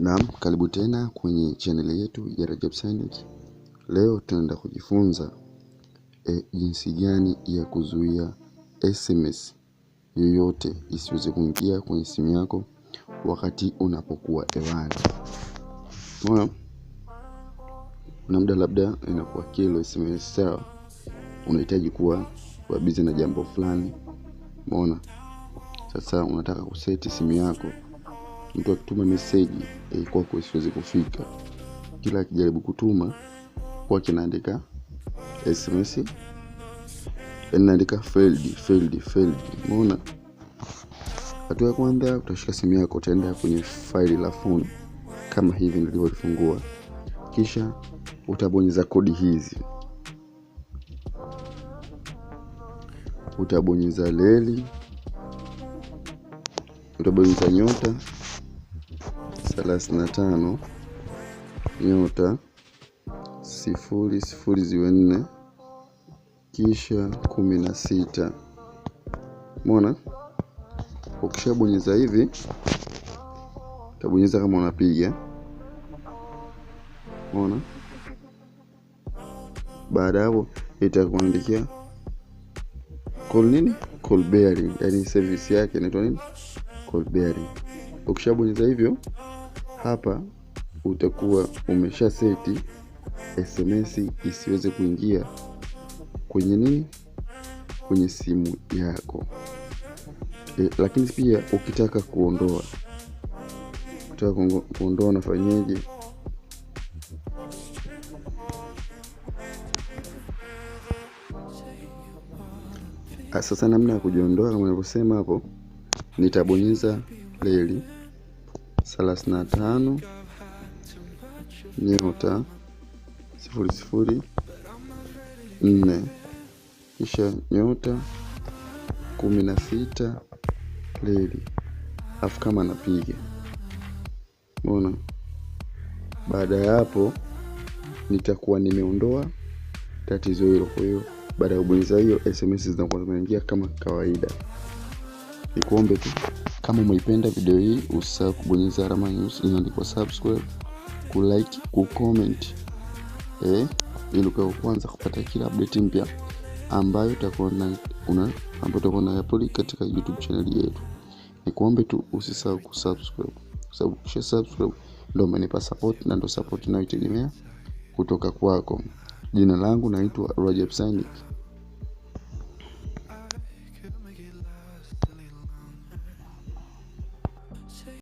Naam, karibu tena kwenye chaneli yetu ya Rajab Synic. Leo tunaenda kujifunza e, jinsi gani ya kuzuia SMS yoyote isiweze kuingia kwenye simu yako wakati unapokuwa hewani. Unaona? Kuna muda labda inakuwa kilo SMS sawa, unahitaji kuwa kwa na jambo fulani. mona Sasa unataka kuseti simu yako mtu akituma meseji eh, kwako siwezi kufika kila akijaribu kutuma kwa kinaandika sms yaani naandika failed failed failed umeona hatua ya kwanza utashika simu yako utaenda kwenye faili la phone kama hivi nilivyoifungua kisha utabonyeza kodi hizi utabonyeza leli utabonyeza nyota 35 nyota sifuri sifuri ziwe nne kisha kumi na sita mona ukishabonyeza hivi utabonyeza kama unapiga mona baada yapo itakuandikia call nini call bearing yani service yake inaitwa nini call bearing ukishabonyeza hivyo hapa utakuwa umesha seti SMS isiweze kuingia kwenye nini, kwenye simu yako e, lakini pia ukitaka kuondoa, ukitaka kuondoa nafanyeje ah, Sasa namna ya kujiondoa kama nilivyosema hapo, nitabonyeza leli thelathini tano nyota sifuri sifuri nne kisha nyota kumi na sita leli, alafu kama napiga mbona. Baada ya hapo nitakuwa nimeondoa tatizo hilo. Kwa hiyo baada ya kubonyeza hiyo, SMS zinakuwa zimeingia kama kawaida. Nikuombe tu kama umeipenda video hii, usisahau kubonyeza alama nyeusi inaandikwa subscribe, kulike, kucomment eh, ili ukawa kwanza kupata kila update mpya ambayo utakuwa na una ambayo utakuwa na upload katika YouTube channel yetu. Ni kuombe tu usisahau kusubscribe, sababu kisha subscribe ndio umenipa support na ndio support inayotegemea kutoka kwako. Jina langu naitwa Rajab Synic.